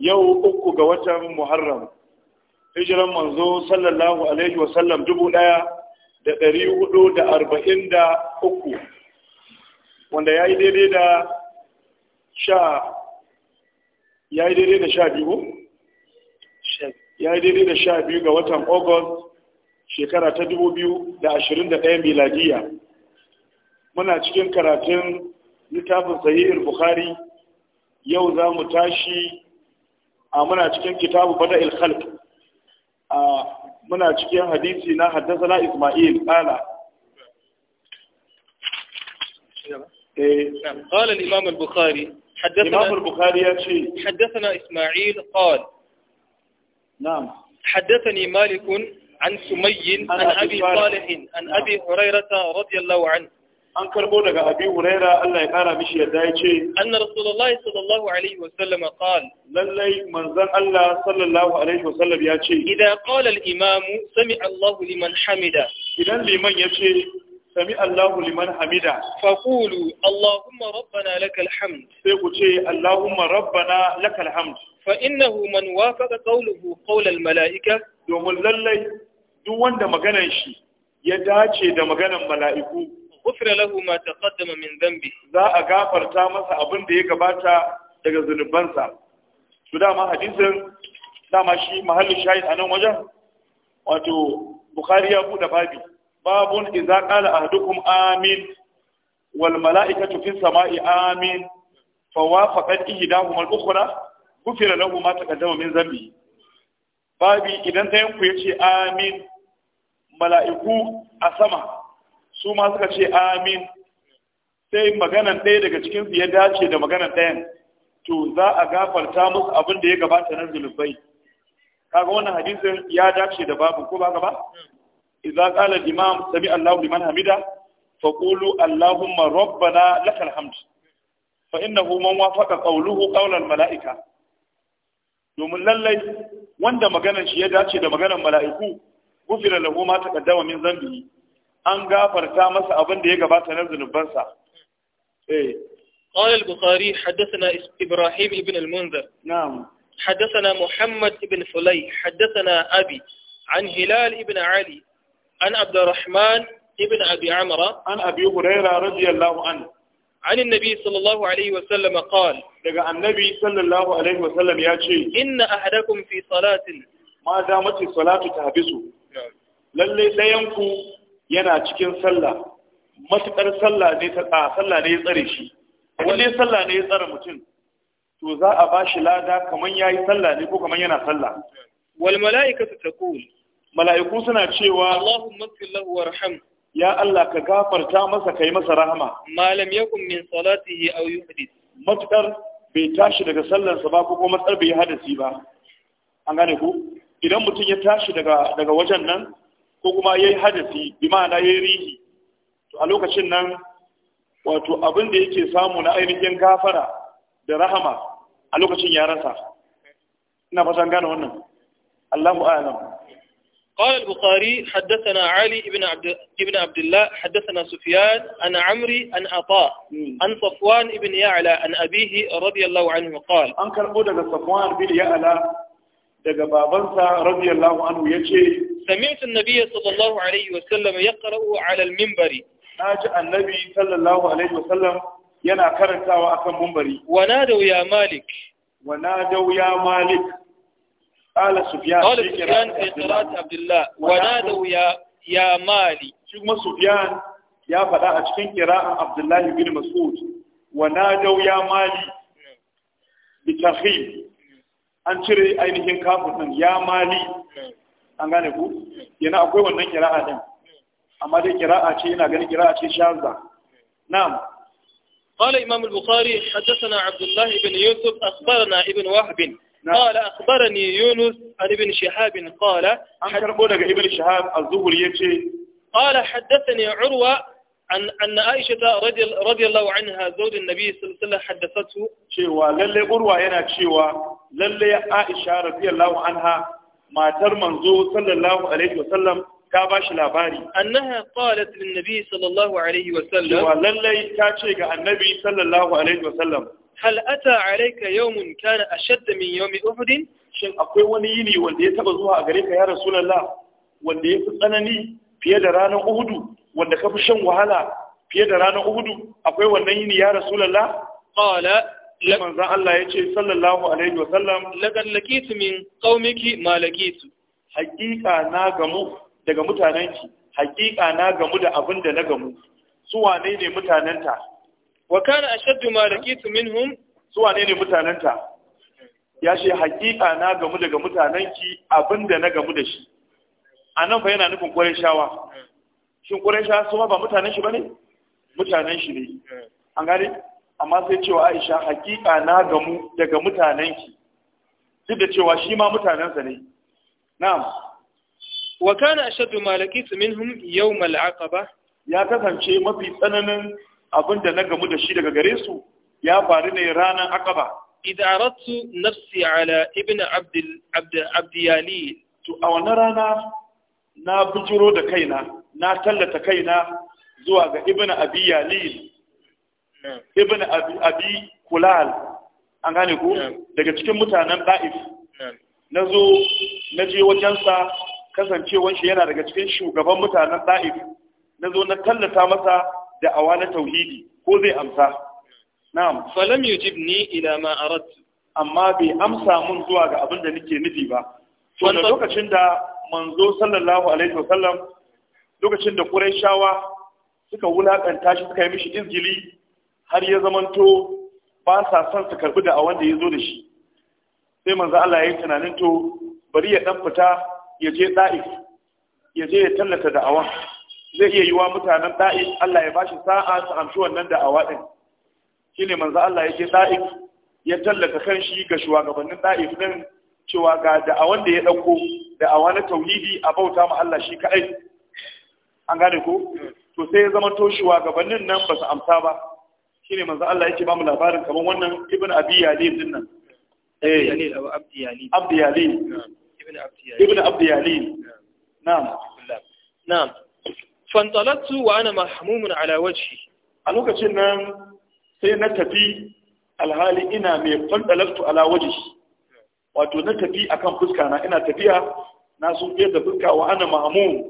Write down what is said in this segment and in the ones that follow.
yau uku ga watan muharram hijiran manzo sallallahu alaihi wasallam dubu daya da dari hudu da arba'in da uku wanda ya yi daidai da sha ya yi daidai da sha biyu ya yi daidai da sha biyu ga watan august shekara ta dubu biyu da ashirin da ɗaya miladiya muna cikin karatun littafin sahihul bukhari yau za mu tashi a muna cikin kitabu الخلق khalq a muna cikin hadisi na قال isma'il إيه. نعم. قال الإمام البخاري حدثنا الإمام البخاري يأتي حدثنا إسماعيل قال نعم حدثني مالك عن سمي عن أبي صالح عن أبي نعم. هريرة رضي الله عنه an karbo daga abi huraira Allah ya kara mishi yadda ya ce anna rasulullahi sallallahu alaihi wa sallam qal lallai manzon Allah sallallahu alaihi wa sallam ya ce Idan qala al-imam sami Allahu liman hamida idan liman ya ce sami Allahu liman hamida fa qulu allahumma rabbana lakal hamd sai ku ce allahumma rabbana lakal hamd fa innahu man wafaqa qawluhu qawl al-mala'ika domin lallai duk wanda maganar shi ya dace da maganar mala'iku ghufira lahu ma taqaddama min dhanbi za a gafarta masa abin da ya gabata daga zunubansa to dama hadisin dama shi mahallin shahid a nan wajen wato bukhari ya bude babi babun idza qala ahadukum amin wal mala'ikatu fis sama'i amin fawafaqat ihdahum al ukhra gufira lahu ma taqaddama min dhanbi babi idan tayanku yace amin mala'iku a sama su ma suka ce amin sai maganan ɗaya daga cikin su ya dace da maganan ɗayan to za a gafarta musu abin da ya gabata na zulubai kaga wannan hadisin ya dace da babu ko ba ka ba idza qala imam sami Allahu liman hamida fa qulu allahumma rabbana lakal hamd fa innahu man wafaqa qawluhu qawla malaika domin lallai wanda maganar shi ya dace da maganar mala'iku gufira lahu ma taqaddama min zambihi an gafarta masa abin da ya gabata na zunubansa eh قال البخاري حدثنا إبراهيم بن المنذر نعم حدثنا محمد بن فلي حدثنا أبي عن هلال بن علي عن عبد الرحمن بن أبي عمرة عن أبي هريرة رضي الله عنه عن النبي صلى الله عليه وسلم قال لقى النبي صلى الله عليه وسلم يا شيء إن أحدكم في صلاة ما دامت الصلاة تهبسه للي سينكو yana cikin sallah matuƙar sallah ne ta sallah ne ya tsare shi wani sallah ne ya tsare mutum to za a ba shi lada kaman yayi sallah ne ko kaman yana sallah wal mala'ikatu taqul mala'iku suna cewa Allahumma ighfir lahu warham ya Allah ka gafarta masa kai masa rahama malam yakun min salatihi aw yuhdith matuƙar bai tashi daga sallar sa ba ko kuma matsar bai hadasi ba an gane ku idan mutum ya tashi daga daga wajen nan ko kuma yayi hadasi bi ma'ana yayi rihi to a lokacin nan wato abin da yake samu na ainihin gafara da rahama a lokacin ya rasa ina fatan gane wannan Allahu a'lam قال البخاري حدثنا علي بن عبد بن عبد الله حدثنا سفيان عن عمري عن عطاء عن صفوان بن يعلى عن ابيه رضي الله عنه قال an karbo daga Safwan bin Ya'la daga babansa radiyallahu anhu yace سمعت النبي صلى الله عليه وسلم يقرأ على المنبر ناجى النبي صلى الله عليه وسلم ينا كرتا وأكم منبري ونادوا يا مالك ونادوا يا مالك قال سفيان قال سفيان في قراءة عبد الله ونادوا يا يا مالي شو ما سفيان يا فدا أشكين قراءة عبد الله بن مسعود ونادوا يا مالي بتخيل an cire ainihin kafin ya mali an gane ku yana akwai wannan kira'a din amma dai kira'a ce yana ganin kira'a ce shaza na'am قال إمام البخاري حدثنا عبد الله بن يوسف أخبرنا ابن وهب قال أخبرني يونس عن ابن شهاب قال ابن شهاب الزهري قال حدثني عروة عن أن عائشة رضي, رضي الله عنها زوج النبي صلى الله عليه وسلم حدثته شيوا للي عروة هنا شيوا للي عائشة رضي الله عنها matar manzo sallallahu alaihi wasallam ta ba shi labari annaha qalat lin nabi sallallahu alaihi wasallam wa lallai ta ce ga annabi sallallahu alaihi wasallam hal ata alayka yawmun kana ashadd min yawmi uhud shin akwai wani yini wanda ya taba zuwa a gare ka ya rasulullah wanda ya fi tsanani fiye da ranar uhudu wanda ka fi shan wahala fiye da ranar uhudu akwai wannan yini ya rasulullah qala manzan Allah ya ce sallallahu alaihi wa sallam lagar lakitu min qaumiki ma lakitu hakika na gamu daga mutanenki hakika na gamu da abin da na gamu su wane ne mutanenta wa kana ashaddu ma min minhum su wane ne mutanenta ya ce hakika na gamu daga mutanenki abin da na gamu da shi a nan fa yana nufin ƙwarishawa shin shawa su ba mutanen shi ba ne mutanen shi ne eh. an gane amma sai cewa aisha hakika na gamu daga mutanenki duk da cewa shi ma mutanensa ne na'am wa kana ashaddu malakitu minhum yawm al-aqaba ya kasance mafi tsananin abinda na gamu da shi daga gare su ya faru ne ranar aqaba idza aradtu nafsi ala ibn abd abd yali to a wannan rana na bijiro da kaina na tallata kaina zuwa ga ibn abi ibn abi abi kulal an gane ku daga cikin mutanen da'if na zo na je wajensa kasancewan shi yana daga cikin shugaban mutanen da'if na zo na tallata masa da awa na tauhidi ko zai amsa na'am falam yujibni ila ma aradtu amma bai amsa mun zuwa ga abin da nake nufi ba to da lokacin da manzo sallallahu alaihi wasallam lokacin da quraishawa suka wulakanta shi suka yi mishi injili. har ya zamanto ba sa son su karbi da a wanda ya zo da shi sai manzo Allah ya yi tunanin to bari ya dan fita ya je da'if ya je ya tallata da'awa zai iya yiwa mutanen da'if Allah ya bashi sa'a su amshi wannan da'awa din shine manzo Allah ya je da'if ya tallata kanshi ga shugabannin da'if din cewa ga da'awan da ya dauko da'awa na tauhidi a bauta ma Allah shi kai an gane ko to sai ya zama to shugabannin nan ba su amsa ba shine manzo Allah yake ba mu labarin kamar wannan ibn abi yalil din nan eh yalil abu abdi yalil abdi yalil ibn abdi yalil ibn abdi yalil na'am na'am fantalatu wa ana mahmumun ala wajhi a lokacin nan sai na tafi alhali ina mai fantalatu ala wajhi wato na tafi akan fuska na ina tafiya na sun fiye da fuska wa ana mahmum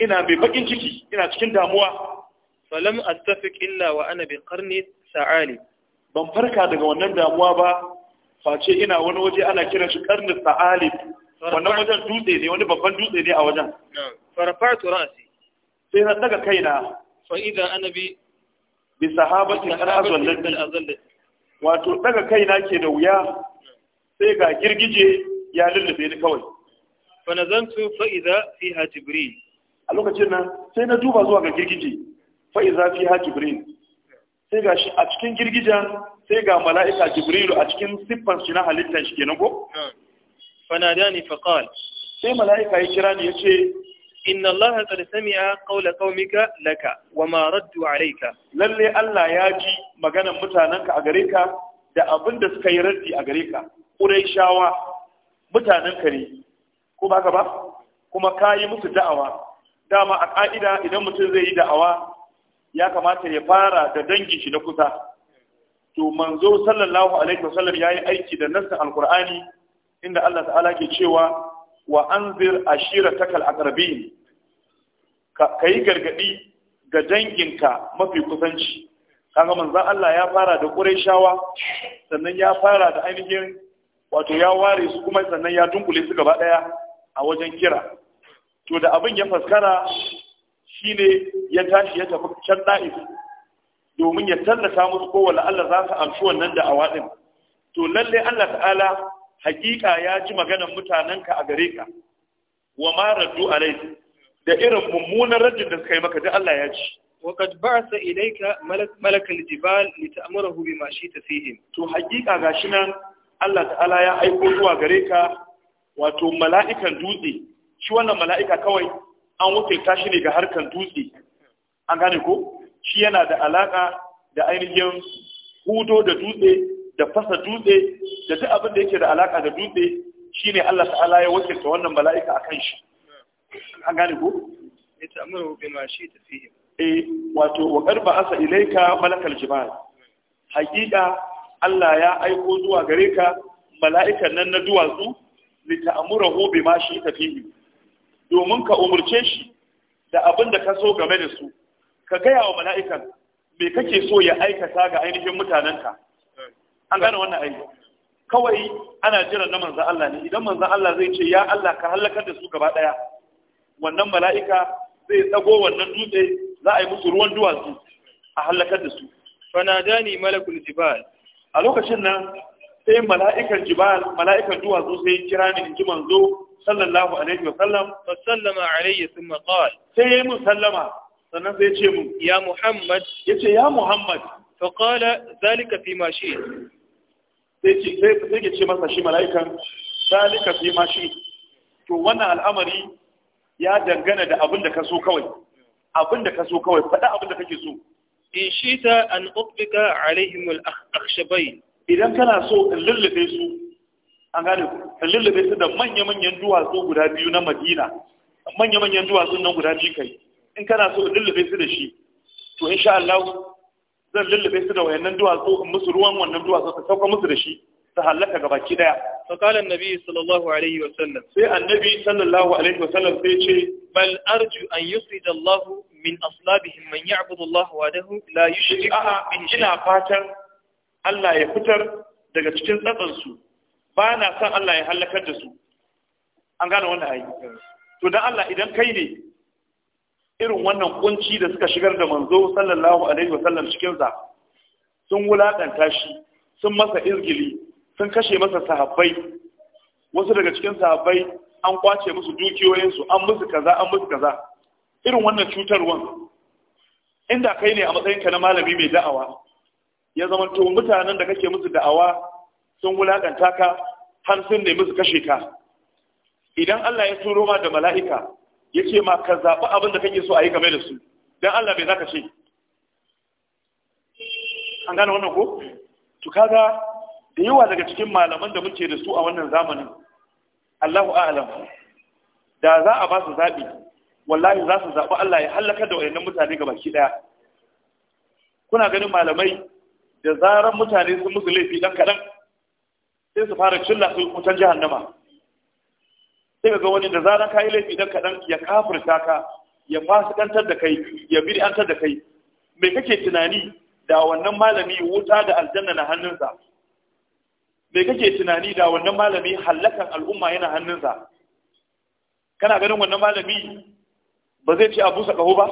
ina mai bakin ciki ina cikin damuwa falam attafiq illa wa ana bi qarni sa'ali ban farka daga wannan damuwa ba face ina wani waje ana kiran shi karnin sa'ali wannan wajen dutse ne wani babban dutse ne a wajen farfatu rasi sai na daga kaina fa idan annabi bi sahabati al-azallati wato daga kaina ke da wuya sai ga girgije ya lullube ni kawai fa nazantu fa idan fiha jibril a lokacin nan sai na duba zuwa ga girgije fa idan fiha jibril sai ga shi a cikin girgijan, sai ga mala'ika jibrilu a cikin siffan shi na halittar shi kenan ko fanadani sai mala'ika ya kira ni ce. inna allaha qad sami'a ƙaula ƙaumika laka wa ma raddu ka. lalle allah ya ji maganan mutanenka a gare ka da abin da suka yi raddi a gare ka shawa mutanenka ne ko ba ka ba kuma ka yi musu da'awa dama a ƙa'ida idan mutum zai yi da'awa ya kamata ya fara da dangin shi na kusa to manzo sallallahu alaihi wasallam yayi aiki da nassin alqur'ani inda Allah ta'ala ke cewa wa anzir ashiratakal aqrabin ka kai gargadi ga danginka mafi kusanci kaga manzo Allah ya fara da quraishawa sannan ya fara da ainihin wato ya ware su kuma sannan ya dunkule su gaba daya a wajen kira to da abin ya faskara shi ne ya tashi ya tafi can da'if domin ya tallata musu ko wala Allah za su amshi wannan da'awa din to lalle Allah ta'ala haƙiƙa ya ji maganar mutanenka a gare ka wa ma raddu alai da irin mummunan raddin da suka yi maka duk Allah ya ci وقد بعث إليك ملك ملك الجبال لتأمره بما شئت فيهم تو حقيقة غاشنا الله تعالى يا zuwa gare غريكا wato ملائكة dutse شو أنا ملائكة كوي an wakilta shi ne ga harkar dutse an gane ko shi yana da alaka da ainihin hudo da dutse da fasa dutse da duk abin da yake da alaka da dutse shine Allah ta'ala ya wakilta wannan mala'ika akan shi an gane ko ya ta'amuru bima shi fihi eh wato wa qad ba'asa ilayka malakal jibal haqiqa Allah ya aiko zuwa gare ka mala'ikan nan na duwatsu li ta'amuru ma shi fihi domin ka umurce shi da abin da ka so game da su ka gaya wa mala'ikan me kake so ya aikata ga ainihin mutanenka an gane wannan aiki kawai ana jiran na manzan Allah ne idan manzan Allah zai ce ya Allah ka halakar da su gaba daya wannan mala'ika zai tsago wannan dutse za a yi musu ruwan duwatsu a halakar da su fanadani malakul jibal a lokacin nan sai mala'ikar jibal mala'ikan duwatsu sai kira ni in ji manzo sallallahu alaihi wa sallam fa sallama alayya thumma qala sai ya mun sallama sannan sai ya ce mun ya muhammad yace ya muhammad fa qala zalika fi ma shi sai ce sai ce masa shi mala'ikan zalika fi ma shi to wannan al'amari ya dangana da abin da ka so kawai abin da ka so kawai faɗa abin da kake so in shi ta an ubbika alaihim al-akhshabain idan kana so in lullube su an gane in lullube su da manya-manyan duwatsu guda biyu na madina manya-manyan duwatsu nan guda biyu kai in kana so in lullube su da shi to insha Allah zan lullube su da wayannan duwatsu in musu ruwan wannan duwatsu ta sauka musu da shi ta halaka ga baki daya fa qala annabi sallallahu alaihi wa sallam sai annabi sallallahu alaihi wa sallam sai ce bal arju an yusrid Allah min aslabihim man ya'budu Allah wahdahu la yushrik bihi ina fatan Allah ya fitar daga cikin tsatsansu ba na son Allah ya halakar da su an gane wannan ayi to dan Allah idan kai ne irin wannan kunci da suka shigar da manzo sallallahu alaihi wasallam cikin sa sun wulakanta shi sun masa izgili sun kashe masa sahabbai wasu daga cikin sahabbai an kwace musu dukiyoyinsu an musu kaza an musu kaza irin wannan cutarwan inda kai ne a matsayinka na malami mai da'awa ya zama to mutanen da kake musu da'awa sun wulakanta ka har sun nemi su kashe ka idan Allah ya turo ma da mala'ika ya ce ma ka zaɓi abin da kake so a yi game da su dan Allah bai zaka ce an gane wannan ko to kaga da yawa daga cikin malaman da muke da su a wannan zamanin Allahu a'lam da za a ba su zabi wallahi za su zaɓi Allah ya halaka da wayannan mutane gabaki daya kuna ganin malamai da zarar mutane sun musu laifi dan kaɗan sai su fara cilla su wutan jahannama sai ga wani da zarar kayi laifi dan kaɗan ya kafirta ka ya fasikantar da kai ya bid'antar da kai me kake tunani da wannan malami wuta da aljanna na hannunsa me kake tunani da wannan malami hallakan al'umma yana hannunsa kana ganin wannan malami ba zai ce a busa kaho ba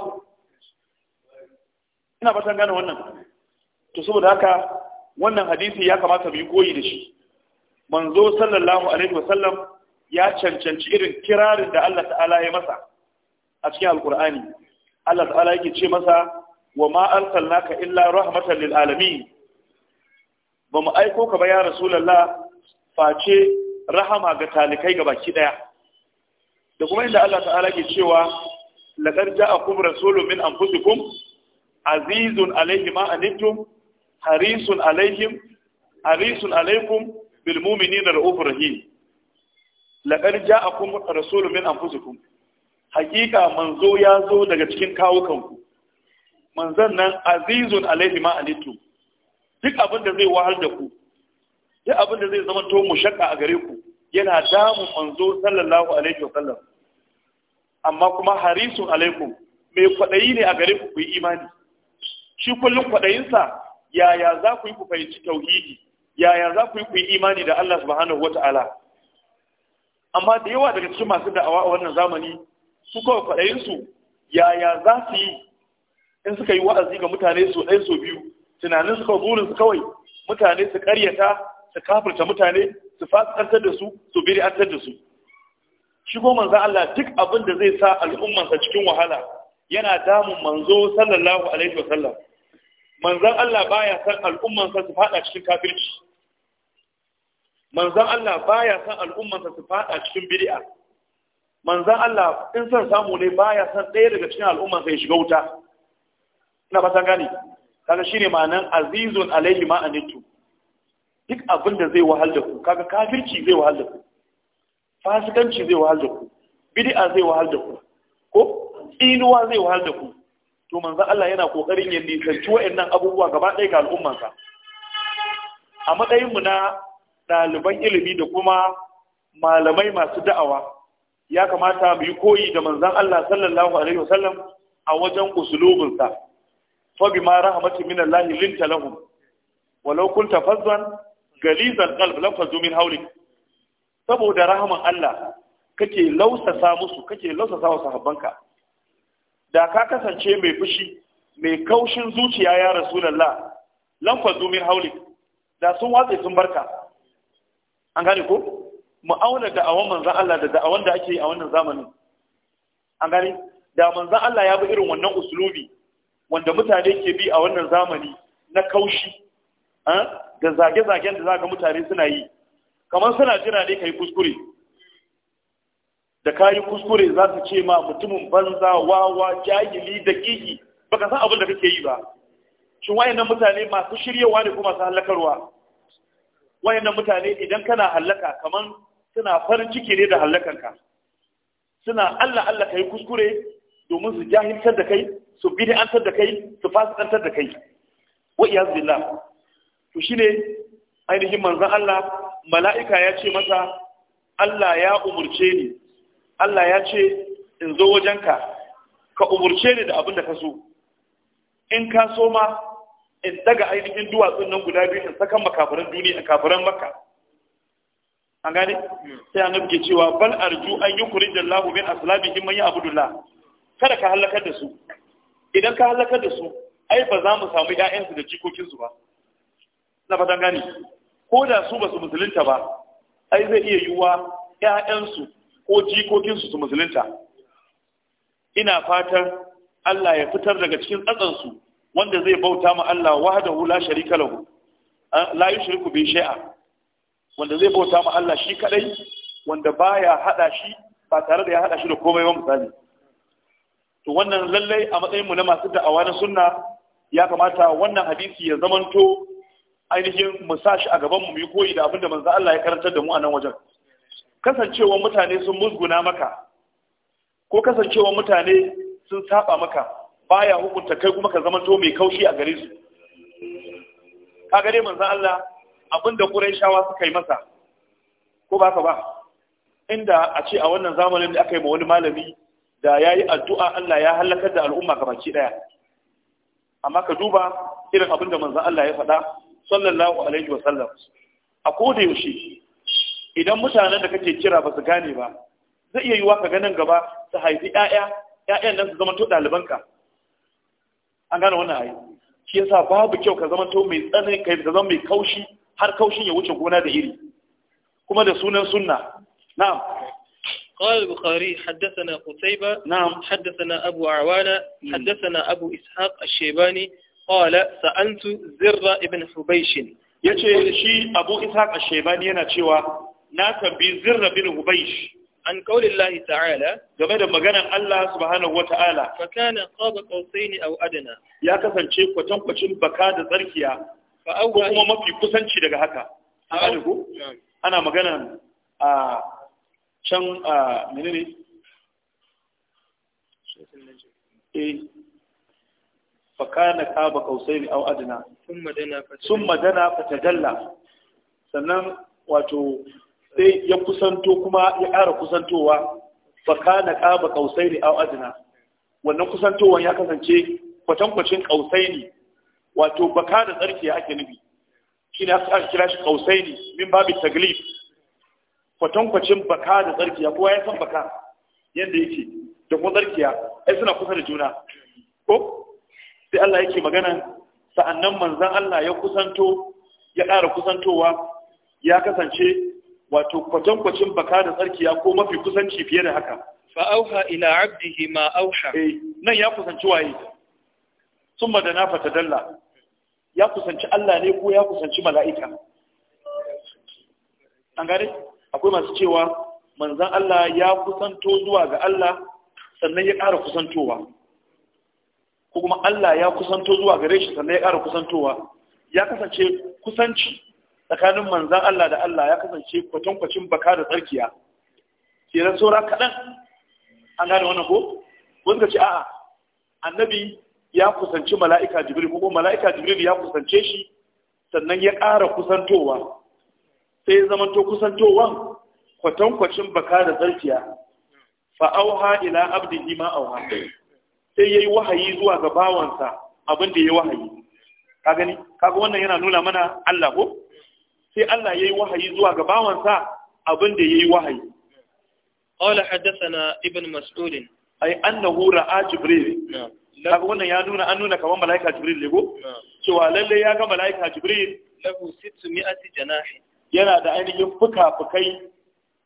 ina batan gane wannan to saboda haka wannan hadisi ya kamata mu yi koyi da shi manzo sallallahu alaihi sallam ya cancanci irin kirarin da Allah ta'ala ya masa a cikin alkur'ani Allah ta'ala yake ce masa wa ma arsalnaka illa rahmatan lil alamin ba mu aiko ka ba ya rasulullah face rahama ga talikai ga baki daya da kuma inda Allah ta'ala ke cewa laqad ja'akum rasulun min anfusikum azizun alayhi ma anittum harisun alaihim harisun alaikum bil da ra'ufur rahim laqad ja'akum rasulun min anfusikum hakika manzo ya zo daga cikin kawukanku Manzan nan azizun alaihi ma anittum duk abin da zai wahal da ku duk abin da zai zama to mushakka a gare ku yana damun manzo sallallahu alaihi wa sallam amma kuma harisun alaikum mai kwaɗayi ne a gare ku ku yi imani shi kullum kwaɗayinsa yaya za ku yi ku fahimci tauhidi yaya za ku yi ku yi imani da Allah subhanahu wata'ala amma da yawa daga cikin masu da'awa a wannan zamani su kawai faɗayinsu? yaya za su yi in suka yi wa'azi ga mutane su ɗaya su biyu tunanin su kawai burin kawai mutane su karyata su kafirta mutane su fasikantar da su su biri'antar da su shi ko manzo Allah duk abin da zai sa al'ummarsa cikin wahala yana damun manzo sallallahu alaihi wa sallam manzan Allah baya san al'ummansa su fada cikin kafirci manzan Allah baya san al'ummansa su fada cikin bid'a manzan Allah in san samu ne baya san ɗaya daga cikin al'ummansa ya shiga wuta ina fatan gani kaga shine ma'anan azizun alaihi ma anitu duk abin da zai wahal da ku kaga kafirci zai wahal da ku fasikanci zai wahal da ku bid'a zai wahal da ku ko inuwa zai wahal da ku to manzo Allah yana kokarin ya nisanci wayannan abubuwa gaba ɗaya ga al'ummansa a matsayin mu na ɗaliban ilimi da kuma malamai masu da'awa ya kamata mu yi koyi da manzon Allah sallallahu alaihi wasallam a wajen usulubinsa fa ma rahmatin min Allah linta lahum walau kunta fazzan galizan qalb lafazu min hawlik saboda rahman Allah kake lausasa musu kake lausasa wa sahabbanka da ka kasance mai fushi mai kaushin zuciya ya rasulullah lan fazu min haulik da sun watsa sun barka an gane ko mu auna da'awan manzon Allah da da'awan da ake yi a wannan zamanin an gane da manzon Allah ya bi irin wannan usulubi wanda mutane ke bi a wannan zamani na kaushi eh, da zage-zagen da zaka mutane suna yi kamar suna jira ne kai kuskure da kayi kuskure za su ce ma mutumin banza wawa jahili da kiki baka san abin da kake yi ba shin wayannan mutane masu shiryewa ne kuma masu hallakarwa wayannan mutane idan kana hallaka kamar suna farin ciki ne da hallakanka suna Allah Allah kai kuskure domin su jahiltar da kai su bid'antar da kai su fasikantar da kai wa iyaz billah to shine ainihin manzon Allah mala'ika ya ce masa Allah ya umarce ni Allah ya ce in zo wajenka ka umurce ni da abin da ka so in ka so ma in daga ainihin duwatsun nan guda biyu in sakan makafiran duniya a kafiran makka an gane sai annabi ke cewa bal arju an da lahu min in man abudullah kada ka halakar da su idan ka halakar da su ai ba za mu samu ƴaƴansu da su ba na fatan gane ko da su ba su musulunta ba ai zai iya yiwuwa ƴaƴansu ko jikokinsu su musulunta ina fatan Allah ya fitar daga cikin su wanda zai bauta ma Allah wahdahu la sharika lahu la yushriku bi shay'a wanda zai bauta ma Allah shi kadai wanda baya hada shi ba tare da ya hada shi da komai ba misali to wannan lallai a matsayin mu na masu da'awa na sunna ya kamata wannan hadisi ya zamanto ainihin mu sa shi a gaban mu mu yi koyi da abinda manzo Allah ya karantar da mu a nan wajen kasancewa mutane sun musguna maka ko kasancewa mutane sun saba maka baya hukunta kai kuma ka zamanto mai kaushi a gare su ka gare manzan Allah abinda Qurayshawa suka yi masa ko ba ka ba inda a ce a wannan zamanin da aka yi ma wani malami da ya yi addu'a Allah ya halakar da al'umma ga baki ɗaya amma ka duba irin abinda manzan Allah ya faɗa sallallahu alaihi wasallam a koda yaushe idan mutanen da kake kira ba su gane ba zai iya yiwa ka ganin gaba su haifi ƴaƴa ƴaƴan nan su zama to ɗalibanka an gane wannan ayi shi yasa babu kyau ka zama to mai tsanani kai ka zama mai kaushi har kaushin ya wuce gona da iri kuma da sunan sunna na'am قال البخاري حدثنا قتيبة نعم حدثنا أبو عوانة حدثنا أبو إسحاق الشيباني قال سألت زر ابن حبيش يتي شي أبو إسحاق الشيباني أنا تشوى na tambi zirra bin hubaysh an qaulillahi ta'ala game da maganar Allah subhanahu wa ta'ala. fa kana qaba qausaini aw adna ya kasance kwatankwacin baka da tsarkiya ko kuma mafi kusanci daga haka ana magana a can a menene eh fakana kaba kausaini au adna summa dana fatajalla sannan wato sai ya kusanto kuma ya ƙara kusantowa na ƙaba ƙausai ne a adna wannan kusantowar ya kasance kwatankwacin ne. wato baka da tsarki ake nubi shi ne aka kira shi ne min babu taglif kwatankwacin baka da tsarkiya kowa ya san baka yadda yake da kuma tsarkiya ai suna kusa da juna ko sai Allah yake magana sa'annan manzan Allah ya kusanto ya ƙara kusantowa ya kasance wato kwatankwacin baka da tsarkiya ko mafi kusanci fiye da haka fa auha ila abdihi ma auha eh nan ya kusanci waye summa da na fatadalla ya kusanci Allah ne ko ya kusanci mala'ika an gare, akwai masu cewa manzan Allah ya kusanto zuwa ga Allah sannan ya ƙara kusantowa ko kuma Allah ya kusanto zuwa gare shi sannan ya ƙara kusantowa ya kasance kusanci tsakanin manzan Allah da Allah ya kasance kwatankwacin baka da tsarkiya kenan saura kaɗan an gane wannan ko wanda ce a'a annabi ya kusanci mala'ika jibril ko mala'ika jibril ya kusance shi sannan ya ƙara kusantowa sai ya zama to kusantowa kwatankwacin baka da tsarkiya fa'auha ila abdihi ma auha sai yayi wahayi zuwa ga bawansa abin da yayi wahayi ka gani kaga wannan yana nuna mana Allah ko sai Allah yayi wahayi zuwa ga bawansa abin da yayi wahayi qala hadathana ibn mas'ud ay annahu ra'a jibril kaga wannan ya nuna an nuna kamar malaika jibril ne ko cewa lalle ya ga malaika jibril lahu 600 janahi yana da ainihin fuka-fukai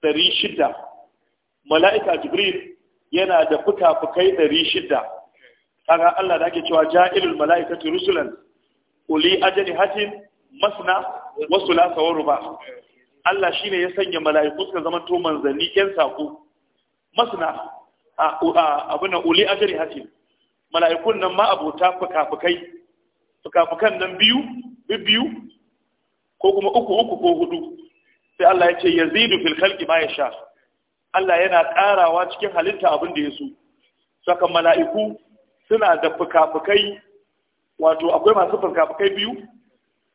600 malaika jibril yana da fuka-fukai 600 kaga Allah da ake cewa ja'ilul malaikatu rusulan uli hatin masna wasu lasa wa ruba Allah shi ne ya sanya mala'iku suka zama to manzanni ƴan saƙo masna abu na uli ajari hatim mala'ikun nan ma abota fuka-fukai fuka-fukan nan biyu biyu ko kuma uku uku ko hudu sai Allah ya ce yazidu fil khalqi ma yasha Allah yana ƙarawa cikin halitta abin da ya so saka mala'iku suna da fuka-fukai wato akwai masu fuka-fukai biyu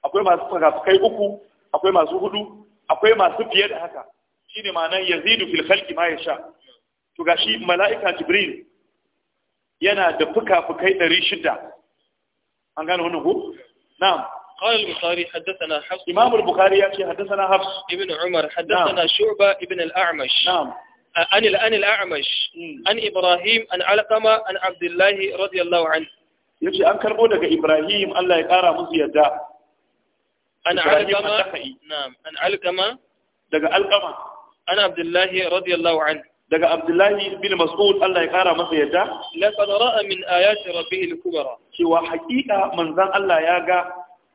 akwai masu fukafukai uku akwai masu hudu akwai masu fiye da haka shine ma'anar yazidu fil khalqi ma yasha to gashi mala'ika jibril yana da fukafukai 600 an gane wannan ko na'am قال البخاري حدثنا حفص إمام البخاري يأتي حدثنا حفص ابن عمر حدثنا نعم. شعبة ابن الأعمش نعم عن الآن الأعمش عن إبراهيم عن علقمة عن عبد الله رضي الله عنه يجي أن كربو دك إبراهيم الله يقارى مزيدا An alkama na'am an alkama daga alkama ana abdullahi radiyallahu anhu daga abdullahi bin mas'ud Allah ya kara masa yadda laqad ra'a min ayati rabbih al-kubra cewa haƙiƙa manzon Allah ya ga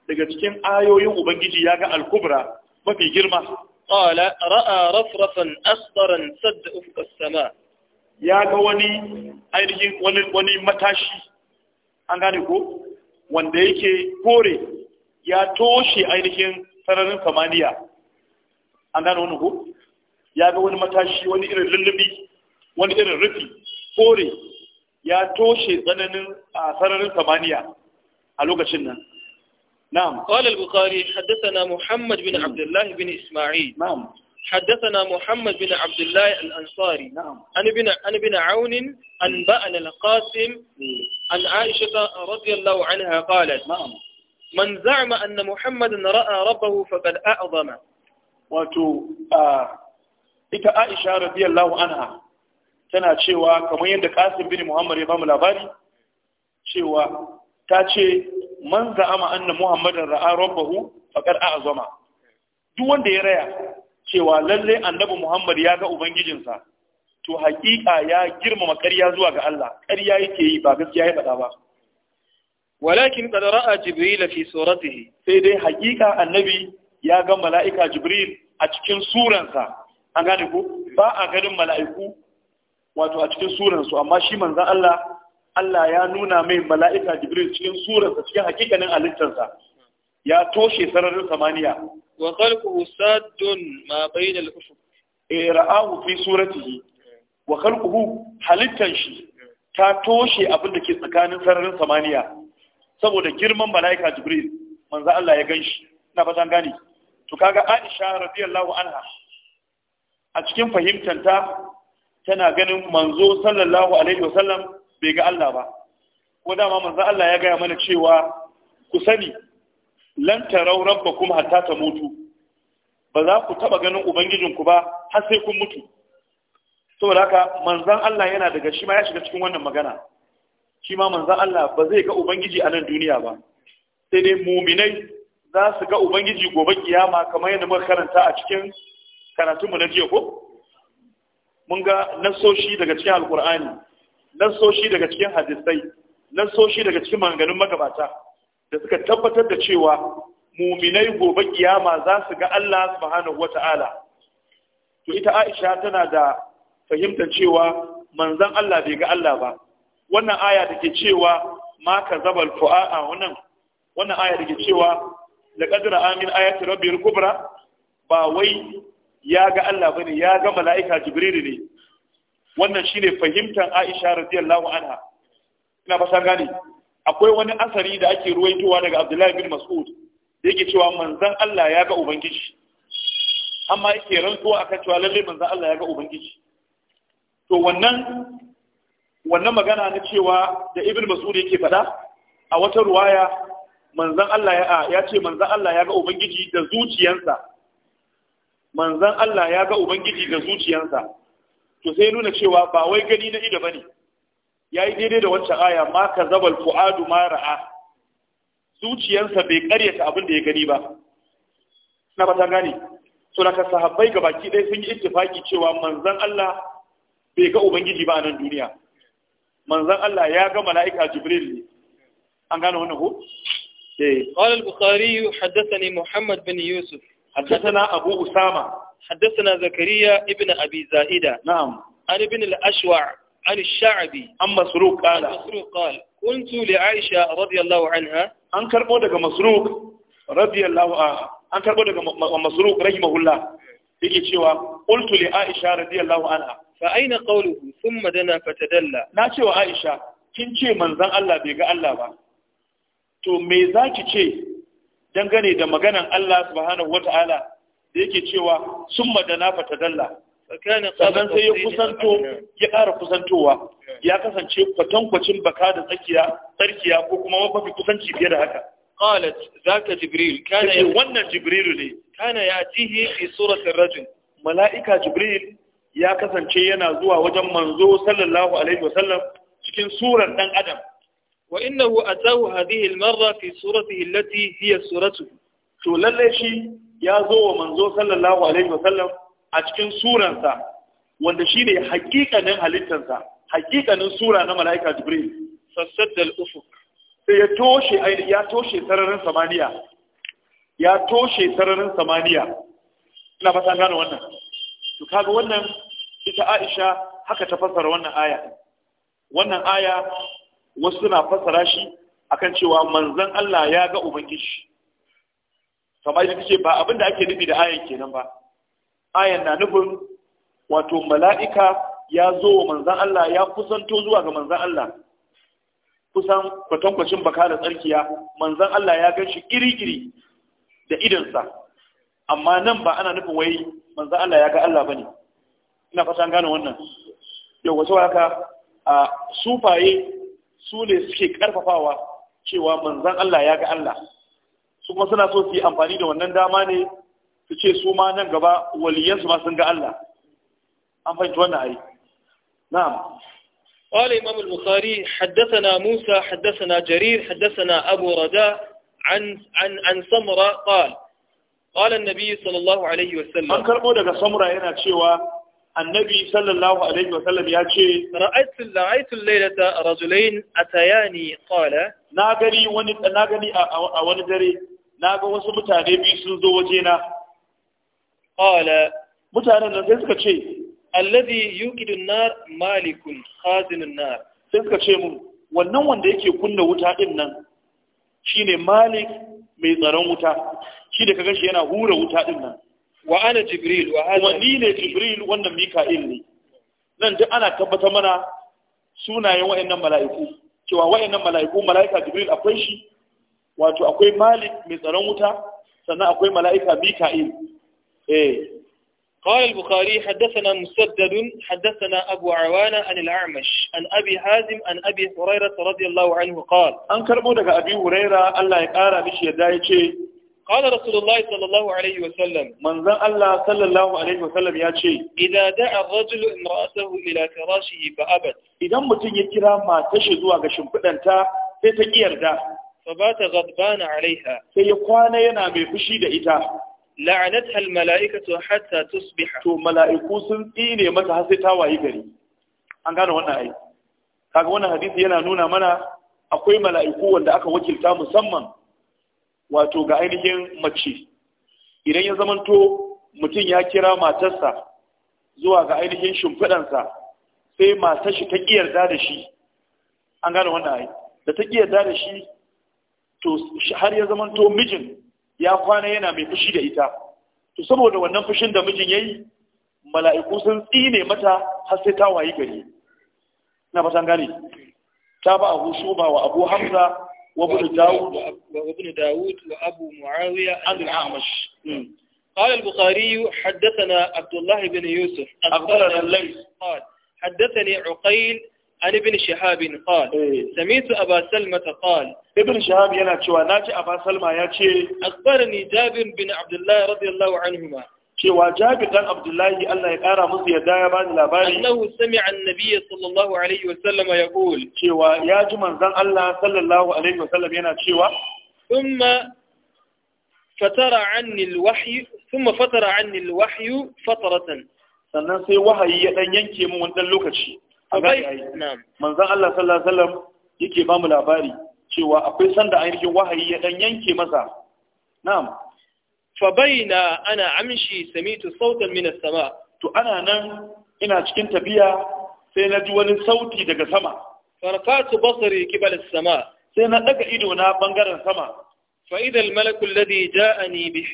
daga cikin ayoyin ubangiji ya ga al-kubra mafi girma qala ra'a rafrafan asdaran sadda ufq as-sama ya ga wani ainihin wani wani matashi an gane ko wanda yake kore ya toshe ainihin sararin samaniya an gano wani ko ya ga wani matashi wani irin lullubi wani irin rufi kore ya toshe tsananin a sararin samaniya a lokacin nan نعم قال البخاري حدثنا محمد بن عبد الله بن إسماعيل نعم حدثنا محمد بن عبد الله الأنصاري نعم أنا بن عون أنبأنا القاسم عن عائشة رضي الله عنها قالت نعم man za'ama anna muhammadan ra'a rabbahu faqad a'zama wato ita Aisha radiyallahu anha tana cewa kamar yadda Qasim bin Muhammad ya bamu labari cewa ta ce man za'ama anna muhammadan ra'a rabbahu faqad a'zama duk wanda ya raya cewa lalle annabi Muhammad ya ga ubangijinsa to haƙiƙa ya girmama ƙarya zuwa ga Allah ƙarya yake yi ba gaskiya ya faɗa ba walakin qad ra'a jibril fi suratihi sai dai hakika annabi ya ga mala'ika jibril a cikin suransa an gane ko ba a ganin mala'iku wato a cikin suransu amma shi manzan Allah Allah ya nuna mai mala'ika jibril cikin suransa cikin hakikanin halittarsa ya toshe sararin samaniya wa khalquhu saddun ma bayna al-ufuq e ra'ahu fi suratihi wa khalquhu halittan shi ta toshe abin da ke tsakanin sararin samaniya saboda girman mala'ika jibril manzo Allah ya ganshi ina fatan gane to kaga Aisha radiyallahu anha a cikin fahimtanta tana ganin manzo sallallahu alaihi wasallam bai ga Allah ba ko dama manzo Allah ya gaya mana cewa ku sani lan tarau rabbakum hatta tamutu ba za ku taba ganin ubangijinku ba har sai kun mutu saboda haka manzon Allah yana daga shi ma ya shiga cikin wannan magana shi ma manzan Allah ba zai ga ubangiji a nan duniya ba sai dai muminai za su ga ubangiji gobe kiyama kamar yadda muka karanta a cikin karatunmu na jiya ko mun ga nasoshi daga cikin alkur'ani nasoshi daga cikin hadisai nasoshi daga cikin maganganun magabata da suka tabbatar da cewa muminai gobe kiyama za su ga Allah subhanahu ta'ala. to ita Aisha tana da fahimtar cewa manzon Allah bai ga Allah ba wannan aya da ke cewa ma ka zabal fu'a'a wannan wannan aya da ke cewa da qadra amin ayati rabbil kubra ba wai ya ga Allah bane ya ga mala'ika jibril ne wannan shine fahimtar Aisha radiyallahu anha ina ba gane akwai wani asari da ake ruwaitowa daga Abdullahi bin Mas'ud da yake cewa manzon Allah ya ga ubangiji amma yake rantsuwa akan cewa lalle manzon Allah ya ga ubangiji to wannan wannan magana na cewa da ibn mas'ud yake faɗa a wata ruwaya manzon Allah ya ce manzon Allah ya ga ubangiji da zuciyarsa manzon Allah ya ga ubangiji da zuciyansa to sai nuna cewa ba wai gani na ido bane yayi daidai da wancan aya ma ka zabal fuadu ma ra'a zuciyarsa bai karyata abin da ya gani ba na bata gane to daga sahabbai gabaki ɗaya sun yi ittifaki cewa manzan Allah bai ga ubangiji ba a nan duniya manzon Allah ya ga mala'ika Jibril ne an gane wannan ko eh qala al-bukhari haddathani muhammad bin yusuf haddathana abu usama haddathana zakariya ibn abi zaida na'am an ibn ashwa عن الشعبي عن مسروق قال مسروق قال كنت لعائشة رضي الله عنها أن كربو مسروق رضي الله عنها أن كربو مسروق رحمه الله yake cewa qultu li aisha radiyallahu anha fa aina qawluhu thumma dana fatadalla na cewa Aisha kin ce manzon Allah bai ga Allah ba to me zaki ce dangane da maganan Allah subhanahu wata'ala da yake cewa summa dana fatadalla sannan sai ya kusanto ya ƙara kusantowa ya kasance kwatankwacin baka da tsakiya sarkiya, ko kuma mafi kusanci fiye da haka qalat zaka jibril kana wannan jibrilu ne kana yatihi fi suratin rajul mala'ika jibril ya kasance yana zuwa wajen manzo sallallahu alaihi wasallam cikin suran dan adam wa innahu atahu hadhihi almarra fi suratihi allati hiya suratuhu to lalle shi ya zo wa manzo sallallahu alaihi wasallam a cikin suransa wanda shi ne hakikanin halittarsa hakikanin sura na mala'ika jibril sassadal ufuk sai ya toshe ya toshe sararin samaniya ya toshe sararin samaniya ina fata gane wannan to kaga wannan ita Aisha haka ta fassara wannan aya wannan aya wasu suna fassara shi akan cewa manzon Allah ya ga ubangiji kamar yadda take ba abin da ake nufi da ayan kenan ba ayan na nufin wato mala'ika ya zo wa manzon Allah ya kusanto zuwa ga manzon Allah kusan kwatankwacin baka da tsarkiya manzon Allah ya gan shi iri-iri da idansa amma nan ba ana nufin wai manzan Allah ya ga Allah ne ina fatan gane wannan yau wato haka a sufaye su ne suke karfafawa cewa manzan Allah ya ga Allah su kuma suna so su yi amfani da wannan dama ne su ce su ma nan gaba waliyansu ma sun ga Allah an fahimci wannan ayi na'am قال إمام البخاري حدثنا موسى حدثنا جرير حدثنا أبو رداء عن عن عن سمرة قال qala annabi sallallahu alaihi wasallam an karbo daga samura yana cewa annabi sallallahu alaihi wasallam ya ce ra'aytu ra'aytu laylata rajulain atayani qala na gani wani na gani a wani dare na ga wasu mutane biyu sun zo wajena. na mutanen nan sai suka ce alladhi yuqidun nar malikun khazinun nar sai suka ce mu wannan wanda yake kunna wuta din nan Shi ne malik mai tsaron wuta shi da kaga shi yana hura wuta din nan wa ana jibril wa ana ni ne jibril wannan mika'il ne nan duk ana tabbata mana sunayen wayannan mala'iku cewa wayannan mala'iku mala'ika jibril akwai shi wato akwai malik mai tsaron wuta sannan akwai mala'ika mika'il eh قال البخاري حدثنا مسدد حدثنا أبو عوانة عن الأعمش عن أبي حازم عن أبي هريرة رضي الله عنه قال أن كربودك أبي هريرة الله يقارى بش يدايتي قال رسول الله صلى الله عليه وسلم من ذا الله صلى الله عليه وسلم ياتي إذا دعا الرجل امرأته إلى فراشه فأبت إذا متن يكرا ما تشدوا غشم بدنتا sai ta kiyarda fa ba ta gadbana alaiha sai ya kwana yana mai fushi da ita la'anat al mala'ikatu hatta tusbiha to mala'iku sun tsine mata har sai ta waye gari an gane wannan ai kaga wannan hadisi yana nuna mana akwai mala'iku wanda aka wakilta musamman wato ga ainihin mace idan ya zamanto mutum ya kira matarsa zuwa ga ainihin shimfiɗansa sai matar shi ta ƙiyarda da shi an gane wannan ai da ta ƙiyarda da shi to har ya zamanto mijin ya kwana yana mai fushi da ita to saboda wannan fushin da mijin yayi mala'iku sun tsine mata har sai ta wayi gari na fatan gane ta ba abu shuba wa abu hamza wa abu dawud wa abu dawud wa abu muawiya an al-amash hmm. قال البخاري حدثنا عبد الله بن يوسف اخبرنا الليث قال حدثني عقيل عن ابن شهاب قال سمعت أبا سلمة قال ابن شهاب ينا cewa naji Aba Salma yace akhbarani Jabir bin Abdullah radiyallahu anhuma cewa Jabir dan Abdullah Allah ya kara musu yadda ya bani labari annahu sami'a sallallahu alaihi wa sallam yaqul cewa ya ji manzon Allah sallallahu alaihi wa sallam yana cewa thumma fatara anni al fatara anni fatratan sannan sai wahayi ya dan yanke min wannan lokaci manzan Allah sallallahu alaihi yake ba mu labari cewa akwai sanda ainihin wahayi ya dan yanke masa na'am fa baina ana amshi samitu sautan min as-sama to ana nan ina cikin tafiya sai na ji wani sauti daga sama farqatu basri qibala as-sama sai na daga ido na bangaren sama فإذا الملك الذي جاءني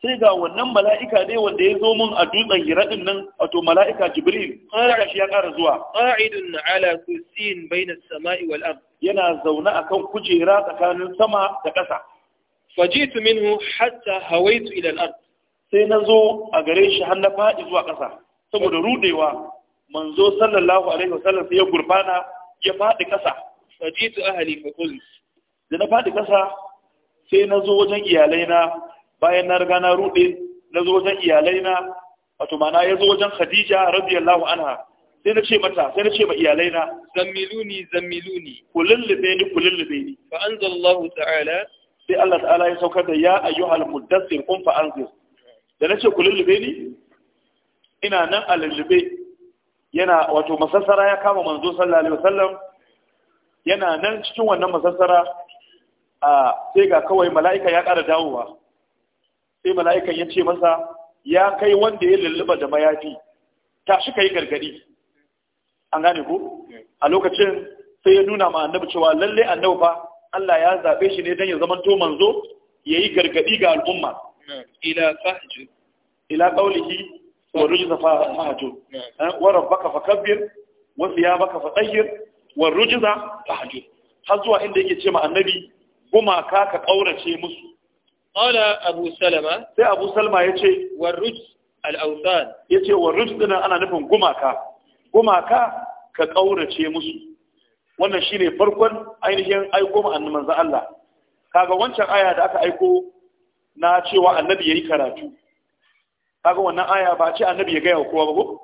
Sai ga wannan mala'ika ne wanda ya zo mun a dutsen hira din nan wato mala'ika jibril daga shi ya ƙara zuwa qa'idun ala kursiyin bayna as-sama'i wal yana zaune a kan kujera tsakanin sama da ƙasa fajitu minhu hatta hawaitu ila al-ard sai na zo a gare shi har na faɗi zuwa ƙasa saboda rudewa manzo sallallahu alaihi wasallam sai ya gurfana ya ƙasa fajitu ahli fa qult da na faɗi ƙasa sai na zo wajen iyalaina bayan na riga na ruɗe na zo wajen iyalaina wato mana ya zo wajen khadija radiyallahu anha sai na ce mata sai na ce ma iyalaina zammiluni zammiluni ku lullube ni ku lullube ni fa anzalallahu ta'ala sai Allah ta'ala ya saukar da ya ayyuhal muddassir kun fa anzir da na ce ku lullube ni ina nan a lullube yana wato masassara ya kama manzo sallallahu alaihi wasallam yana nan cikin wannan masassara sai ga kawai mala'ika ya ƙara dawowa sai mala'ikan ya ce masa ya kai wanda ya lulluba da mayafi shi ka yi gargadi, an gane ku a lokacin sai ya nuna ma annabi cewa lalle annabu fa Allah ya zaɓe shi ne don ya zama to manzo ya yi gargadi ga al'umma ila sahajin ila fa mahajur baka rabbaka fakabbir wa siyabaka fadhhir wa rujza har zuwa inda yake ce ma annabi gumaka ka ƙaurace musu Ƙala Abu Salama. Sai Abu Salma ya ce, Warruj al'autan. Ya ce, Warruj ɗina ana nufin gumaka. Gumaka ka ƙaurace musu. Wannan shi ne farkon ainihin aiko ma'annin manzan Allah. Kaga wancan aya da aka aiko na cewa annabi ya yi karatu. Kaga wannan aya ba ce annabi ya gaya wa kowa ba ko?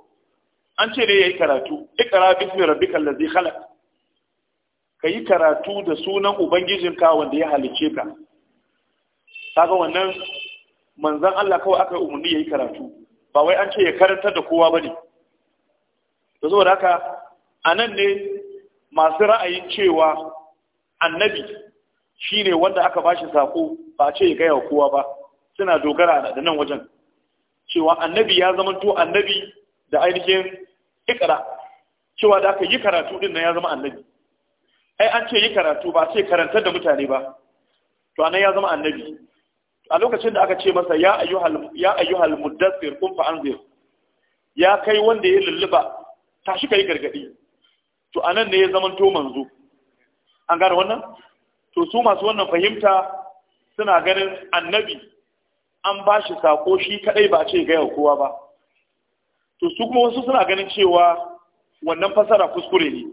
An ce ne ya yi karatu. Ikara bismi rabbikal ladzi khalaq. ka yi karatu da sunan ubangijin ka wanda ya halice ka kaga wannan manzan Allah kawai aka umarni ya yi karatu ba wai an ce ya karantar da kowa ba ne da saboda haka a nan ne masu ra'ayin cewa annabi shi ne wanda aka ba shi saƙo ba a ce ya gaya wa kowa ba suna dogara da nan wajen cewa annabi ya zama to annabi da ainihin ikra cewa da aka yi karatu din nan ya zama annabi ai an ce yi karatu ba sai karantar da mutane ba to anan ya zama annabi a lokacin da aka ce masa ya ayyuhal ya ayyuhal mudaththir kun fa anzir ya kai wanda ya lulluba tashi kai gargadi to anan ne ya zama to manzo an gane wannan to su masu wannan fahimta suna ganin annabi an ba shi sako shi kadai ba ce gaya kowa ba to su kuma wasu suna ganin cewa wannan fasara kuskure ne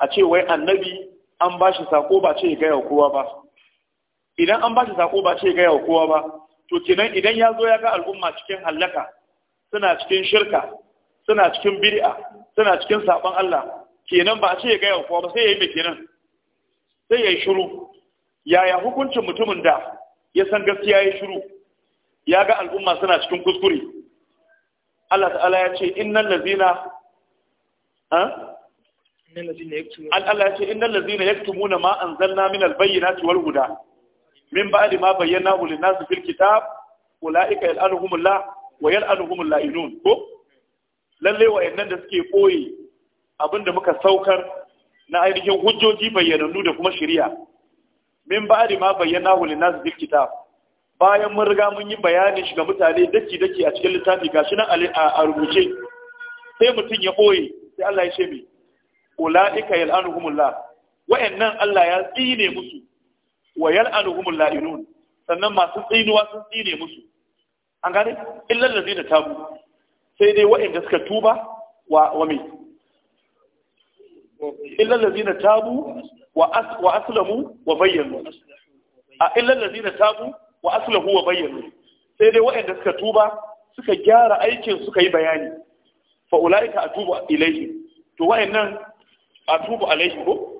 a ce wai annabi an ba shi sako ba ce ya gaya kowa ba idan an ba shi sako ba ce ya gaya kowa ba to kenan idan ya zo ya ga al'umma cikin hallaka suna cikin shirka suna cikin bid'a suna cikin saban Allah kenan ba ce ya gaya kowa ba sai ya yi kenan sai ya shiru yaya hukuncin mutumin da ya san gaskiya yayi shiru ya ga al'umma suna cikin kuskure Allah ta'ala ya ce innal lazina ha Allah ya ce inna allazina yaktumuna ma anzalna min al wal huda min ba'di ma hu lin-nasi fil kitab ulaika Allah wa yal'anuhum la'inun ko lalle wa yannan da suke koyi abinda muka saukar na ainihin hujjoji bayyanannu da kuma shari'a min ba'di ma hu lin-nasi fil kitab bayan mun riga mun yi bayani shi ga mutane daki daki a cikin littafi gashi nan a rubuce sai mutum ya koyi sai Allah ya ce mai ula'ika yal'anuhumullah wa'annan Allah ya tsine musu wa yal'anuhumul la'inun sannan masu tsinuwa sun tsine musu an gane illal ladina tabu sai dai wa'anda suka tuba wa wa me illal ladina tabu wa as wa aslamu wa bayyanu a illal ladina tabu wa aslahu wa bayyanu sai dai wa'anda suka tuba suka gyara aikin suka yi bayani fa ulaika atubu ilayhi to wa'annan atubu alaihi ko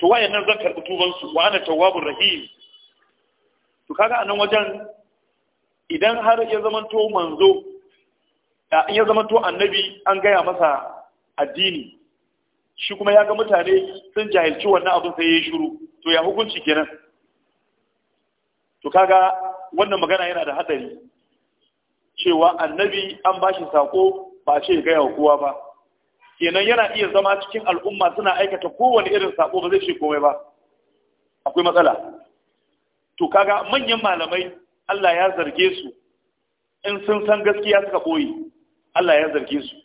to waye nan zan karɓi tubansu wa ana tawwabur rahim to kaga anan wajen idan har ya zamanto manzo in ya to annabi an gaya masa addini shi kuma ya ga mutane sun jahilci wannan abin sai ya shiru to ya hukunci kenan to kaga wannan magana yana da hadari cewa annabi an bashi sako ba ce ya gaya wa kowa ba kenan yana iya zama cikin al'umma suna aikata kowane irin sako ba zai ce komai ba akwai matsala to kaga manyan malamai Allah ya zarge su in sun san gaskiya suka boye Allah ya zarge su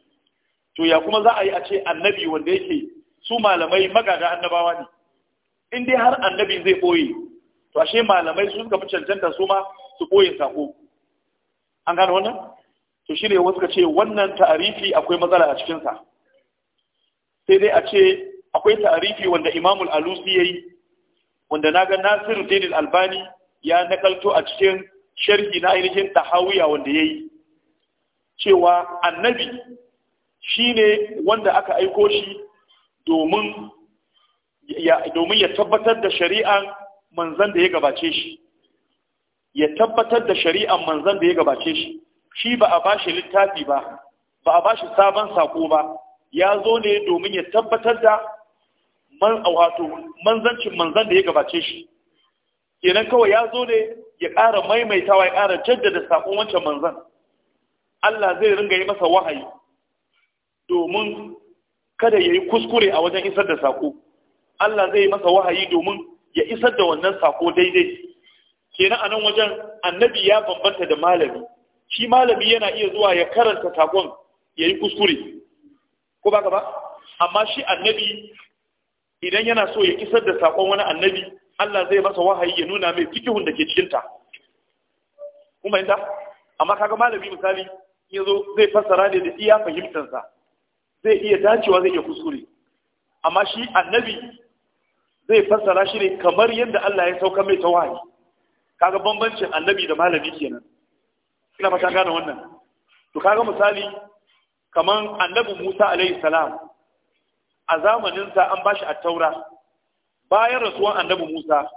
to ya kuma za a yi a ce annabi wanda yake su malamai magada annabawa ne in dai har annabi zai boye to ashe malamai su suka fi cancanta su ma su boye sako an gane wannan to shine wasu ka ce wannan ta'arifi akwai matsala a cikinsa sai dai a ce akwai tarihi wanda imamul alusi ya yi wanda na ga nasiru dinil albani ya nakalto a cikin sharhi na ainihin tahawiya wanda ya yi cewa annabi shi ne wanda aka aiko shi domin ya tabbatar da shari'an manzan da ya gabace shi ya tabbatar da shari'an manzan da ya gabace shi shi ba a ba shi littafi ba ba a ba shi sabon sako ba ya zo ne domin ya tabbatar da man wato manzancin manzan da ya gabace shi kenan kawai ya zo ne ya ƙara maimaitawa ya ƙara jaddada saƙon wancan manzan Allah zai ringa yi masa wahayi domin kada ya yi kuskure a wajen isar da saƙo Allah zai yi masa wahayi domin ya isar da wannan saƙo daidai kenan a nan wajen annabi ya bambanta da malami shi malami yana iya zuwa ya karanta saƙon ya yi kuskure ko ba gaba? amma shi annabi idan yana so ya kisar da sakon wani annabi Allah zai masa wahayi ya nuna mai fikihun da ke ta kuma inda amma kaga malami misali yazo zai fassara ne da iya fahimtansa zai iya dacewa zai iya kuskure amma shi annabi zai fassara shi ne kamar yadda Allah ya sauka mai tawahi kaga bambancin annabi da malami kenan ina fata gane wannan to kaga misali kaman annabi Musa alaihi salam a zamaninsa an bashi taura. bayan rasuwan annabi Musa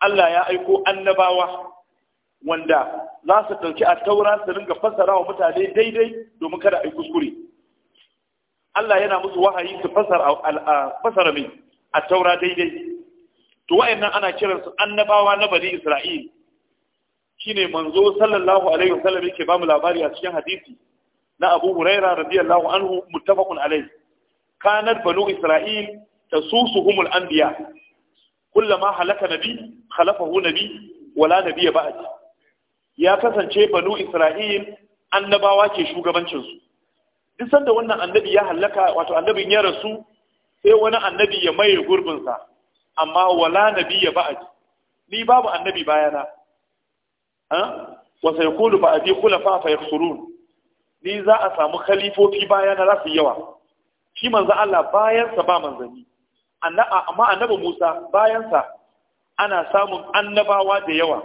Allah ya aiko annabawa wanda za su ɗauki attaura su ringa fassara wa mutane daidai domin kada a yi kuskure Allah yana musu wahayi su fassara mai attaura daidai to wa'annan ana kiransu annabawa na bani Isra'il shine manzo sallallahu alaihi wasallam yake mu labari a cikin hadisi na Abu Huraira radiyallahu anhu muttafaqun alayh kanat banu Isra'il tasusuhum al-anbiya kullama halaka nabi khalafahu nabi wala nabiya ba'd ya kasance banu Isra'il annabawa ke shugabancin su duk sanda wannan annabi ya halaka wato annabin ya rasu sai wani annabi ya maye gurbin sa amma wala nabiya ba'd ni babu annabi bayana ha wa sayqulu ba'di khulafa fa yakhsurun ne za a samu khalifofi baya na rasu yawa shi manzo Allah bayansa ba manzanni amma annabi Musa bayansa ana samun annabawa da yawa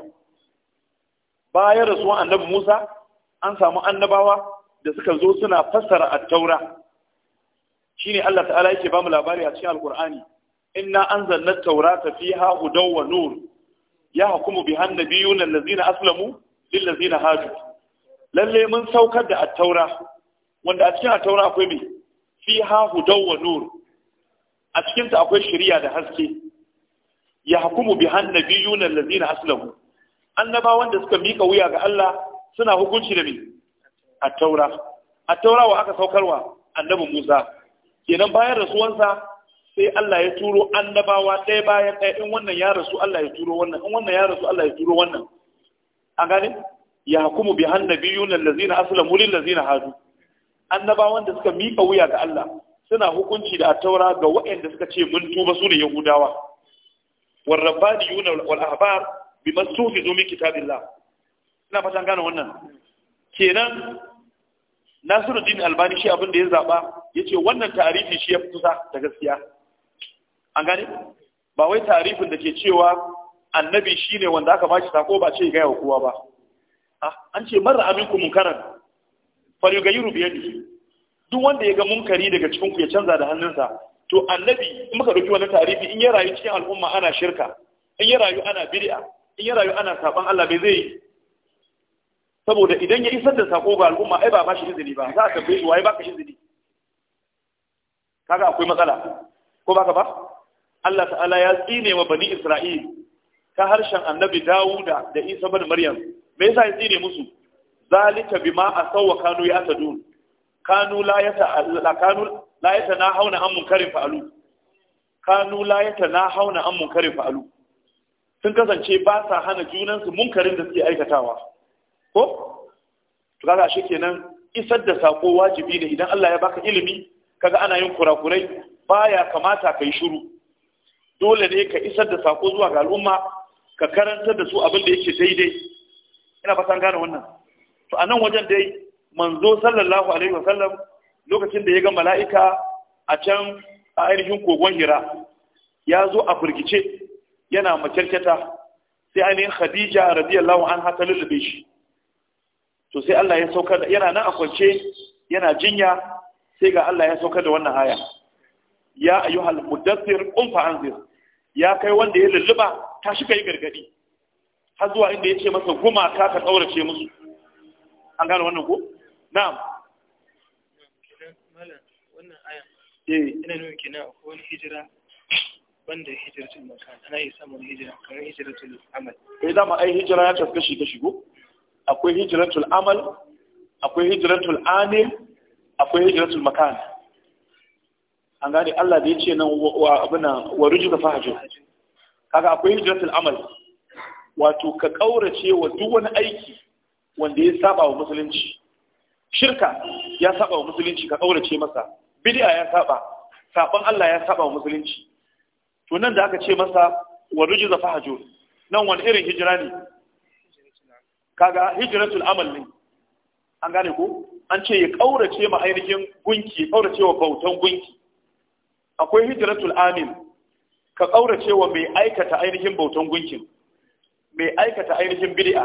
bayan rasuwan annabi Musa an samu annabawa da suka zo suna fassara at-taura shine Allah ta'ala yake ba mu labari a cikin alqur'ani inna anzalna at-taurata fiha hudaw wa nur yahkumu bihan nabiyuna na allazina aslamu lil ladzina hadu lalle mun saukar da attaura wanda a cikin attaura akwai mai fi ha hudaw wa nur a cikin ta akwai shari'a da haske ya hukumu bi han nabiyuna allazina aslamu annaba wanda suka mika wuya ga Allah suna hukunci da me attaura attaura wa aka saukarwa annabi Musa kenan bayan rasuwansa sai Allah ya turo annabawa ɗaya bayan ɗaya in wannan ya rasu Allah ya turo wannan in wannan ya rasu Allah ya turo wannan an gane ya hukumu bi biyu na allazina aslamu lil lazina hadu annabawan da suka mika wuya ga Allah suna hukunci da attaura ga waɗanda suka ce mun tuba su ne yahudawa wal rabbaniyuna wal ahbar bima sufizu min kitabillah ina fatan gane wannan kenan Nasiruddin Albani shi abin da ya zaba yace wannan tarihi shi ya fita da gaskiya an gane ba wai tarifin da ke cewa annabi shine wanda aka bashi tako ba ce ga kowa ba Ah, an ce mara aminku munkaran ya biyadihi duk wanda ya ga munkari daga cikin ku ya canza da hannunsa to annabi in muka ɗauki wannan tarihi in ya rayu cikin al'umma ana shirka in ya rayu ana bid'a in ya rayu ana saban Allah bai zai yi saboda idan ya isar da sako ga al'umma ai ba ba shi izini ba za a tambaye shi waye baka izini kaga akwai matsala ko baka ba Allah ta'ala ya tsine wa bani Isra'il ta harshen annabi Dawuda da Isa bin Maryam me yasa ya tsine musu zalika bima asawwa kanu ya tadun kanu la yata kanu la yata na hauna an munkarin fa'alu kanu la yata na hauna an munkarin fa'alu sun kasance ba sa hana junan su munkarin da suke aikatawa ko to kaga shi kenan isar da sako wajibi ne idan Allah ya baka ilimi kaga ana yin kurakurai baya kamata kai shiru dole ne ka isar da sako zuwa ga al'umma ka karantar da su abin da yake daidai ina fatan gane wannan to anan wajen dai manzo sallallahu alaihi wasallam lokacin da ya ga mala'ika a can a ainihin kogon hira ya zo a firgice yana makyarkyata sai ainihin khadija radiyallahu anha ta lullube shi to sai Allah ya saukar yana nan a kwance yana jinya sai ga Allah ya saukar da wannan aya ya ayyuhal mudaththir qum fa anzir ya kai wanda ya lulluba tashi kai gargadi har zuwa inda ya ce masa gumaka ka ƙaurace musu an gane wannan ko Na. wannan eh. aya ina nuna kenan wani hijira banda hijiratul makan ana yi samun hijira kamar hijiratul amal eh hijira ya kashi-kashi shigo akwai hijiratul amal akwai hijira amil akwai hijiratul makan an gane Allah da ya ce nan wa abuna wa rujuka fahajur kaga akwai hijiratul amal wato ka ƙaurace wa duk wani aiki wanda ya saba wa musulunci shirka ya saba wa musulunci ka ƙaurace masa bid'a ya saba saban Allah ya saba wa musulunci to nan da aka ce masa wa rujiza fahajur nan wani irin hijira ne kaga hijratul amal ne an gane ko an ce ya ƙaurace ma ainihin gunki ya ƙaurace wa bautan gunki akwai hijratul amil ka ƙaurace wa mai aikata ainihin bautan gunkin mai aikata ainihin bid'a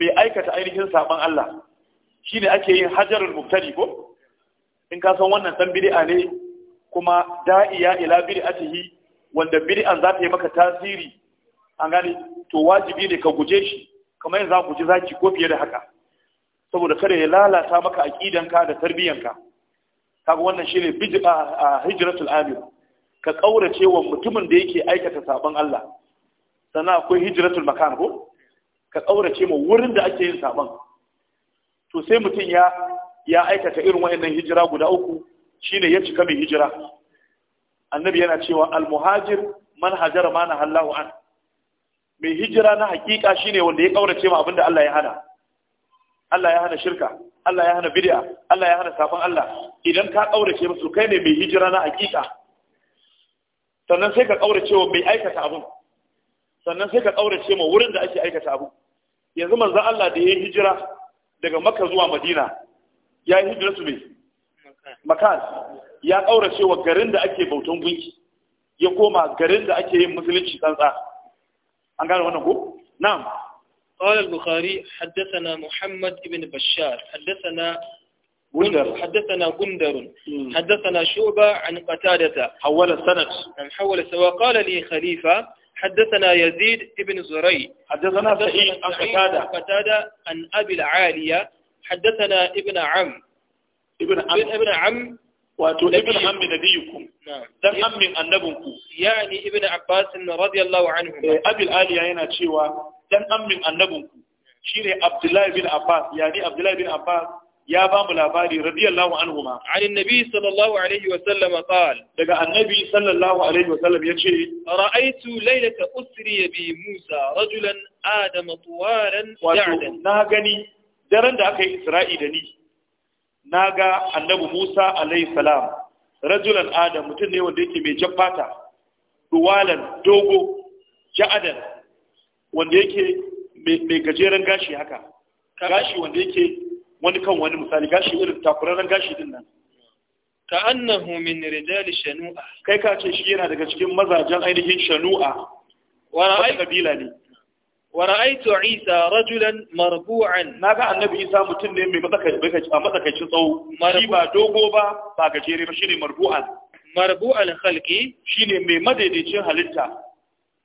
mai aikata ainihin saban Allah shine ake yin hajarul mubtadi ko in ka san wannan san bid'a ne kuma da'iya ila bid'atihi wanda bid'an za ta yi maka tasiri an gane to wajibi ne ka guje shi kamar yanzu za ku ji zaki ko fiye da haka saboda kada ya lalata maka aqidanka da tarbiyanka kaga wannan shine bid'a hijratul amir ka kaurace wa mutumin da yake aikata saban Allah sannan akwai hijiratul makan ko ka ƙaurace mu wurin da ake yin saban to sai mutum ya ya aikata irin wayannan hijira guda uku shine ya cika mai hijira annabi yana cewa al muhajir man hajara ma nahallahu an mai hijira na hakika shine wanda ya ƙaurace ma abinda Allah ya hana Allah ya hana shirka Allah ya hana bid'a Allah ya hana safan Allah idan ka kaurace musu kai ne mai hijira na hakika sannan sai ka kaurace wa mai aikata abin sannan sai ka ƙaurace ma wurin da ake aikata abu yanzu manzan Allah da ya yi hijira daga Makka zuwa Madina ya yi hijira su ne Makan ya ƙaurace wa garin da ake bautan gunki ya koma garin da ake yin musulunci tsantsa an gane wannan ko na'am قال البخاري حدثنا محمد بن بشار حدثنا غندر حدثنا غندر حدثنا شعبة عن قتادة حول السند حول سواء قال لي خليفة حدثنا يزيد بن زري حدثنا سعيد عن قتادة قتادة عن أبي العالية حدثنا ابن عم ابن عم ابن عم ibn ammi nabiyukum dan ammin annabinku yani ibn abbas radiyallahu anhu eh yana cewa dan ammin annabinku shine abdullahi bin abbas yani abdullahi bin abbas ya ba mu labari radiyallahu anhu ma an annabi sallallahu alaihi wa sallam qal daga annabi sallallahu alaihi wa sallam yace ra'aytu laylata usri bi musa rajulan adama tuwaran ya'dan na gani daren da aka yi isra'i da ni na ga annabi musa alaihi salam rajulan adam mutum ne wanda yake mai jabbata duwalan dogo ja'adan wanda yake mai gajeren gashi haka gashi wanda yake wani kan wani misali gashi irin takuraran gashi din nan ka annahu min rijali shanu'a kai ka ce shi yana daga cikin mazajen ainihin shanu'a wa ra'aytu kabila ne wa ra'aytu isa rajulan marbu'an naga annabi isa mutum ne mai matsakaici a matsakaicin tsawo shi ba dogo ba ba gajere ba shine marbu'an marbu'al khalqi shine mai madaidaicin halitta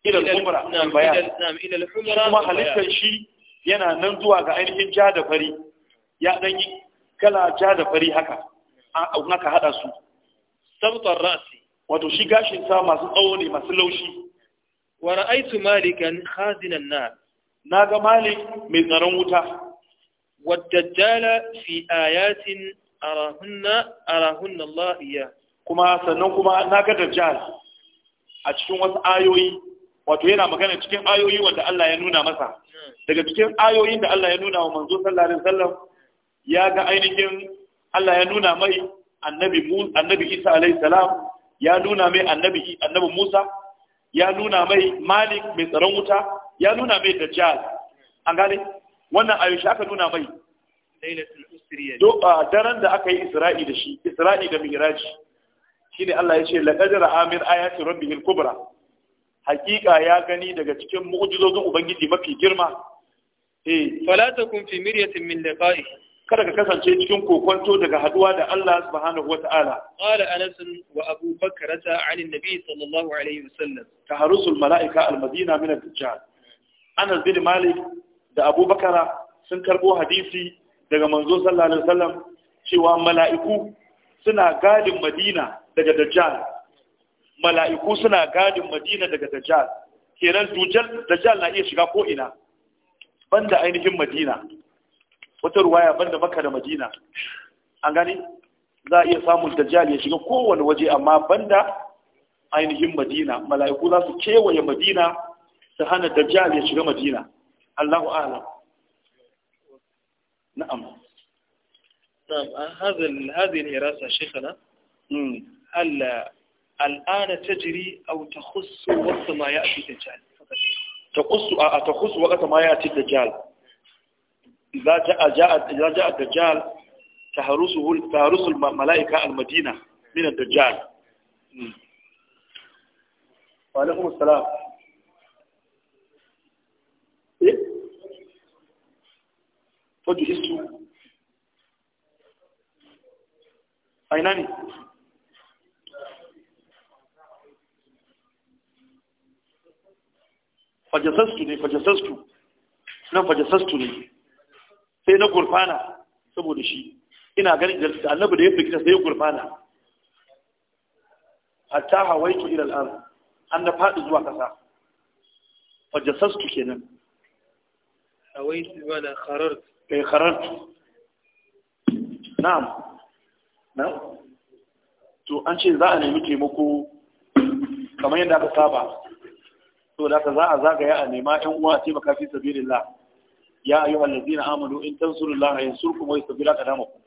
ila al na bayan kuma halittar shi yana nan zuwa ga ainihin ja da fari ya dan yi kala ja da fari haka an haka hada su sabtar rasi wato shi gashin sa masu tsawo ne masu laushi wa ra'aytu malikan khazinan Na ga malik mai tsaron wuta wa dajjala fi ayatin arahunna arahunna Allah iya kuma sannan kuma na ga dajjal a cikin wasu ayoyi wato yana magana cikin ayoyi wanda Allah ya nuna masa hmm. daga cikin ayoyin da Allah ya nuna wa manzo sallallahu alaihi wasallam ya ga ainihin Allah ya nuna mai annabi annabi Isa alayhi salam ya nuna mai annabi annabi Musa ya nuna mai Malik mai tsaron wuta ya nuna mai Dajjal an gane wannan ayyusha aka nuna mai lailatul do a daren da aka yi Isra'i da shi Isra'i da Mi'raj shine Allah ya ce laqad ra'a min ayati rabbihil kubra hakika ya gani daga cikin mu'jizozin ubangiji mafi girma eh fala takun fi miryatin min liqa'i kada ka kasance cikin kokonto daga haduwa da Allah subhanahu wa ta'ala. Ƙala Anas wa Abu Bakar ta anin Nabi sallallahu alaihi wasallam. Ka harusul mala'ika al-Madina min al dajjal Anas bin Malik da Abu Bakara sun karbo hadisi daga manzo sallallahu alaihi wasallam cewa mala'iku suna gadin Madina daga Dajjal. Mala'iku suna gadin Madina daga Dajjal. Kenan Dajjal na iya shiga ko ina banda ainihin Madina. wata ruwaya banda makka da madina an gani za a iya samun dajjal ya shiga kowane waje amma banda ainihin madina mala'iku za su kewaye madina su hana dajjal ya shiga madina allahu ala na'am نعم هذا هذه الهراسة شيخنا هل الآن تجري أو تخص وقت ما يأتي الدجال تخص تخص وقت ما يأتي الدجال إذا جاء جاء إذا جاء الدجال تهرسه تهرس الملائكة المدينة من الدجال وعليكم السلام إيه فجلسوا أينني فجسستني فجسستني فجسست نعم فجسستني. sai na gurfana saboda shi ina ganin da annabi da ya fita sai ya gurfana hatta hawaitu ila al-ard an na fadi zuwa kasa fa jasastu kenan hawaitu wala kharart kai kharart na'am na'am to an ce za a nemi taimako kamar yadda aka saba to da za a zagaya a nema yan uwa a taimaka fi sabilillah ya ayyuhal ladzina amanu in tansurullaha yansurkum wa yuthabbit aqdamakum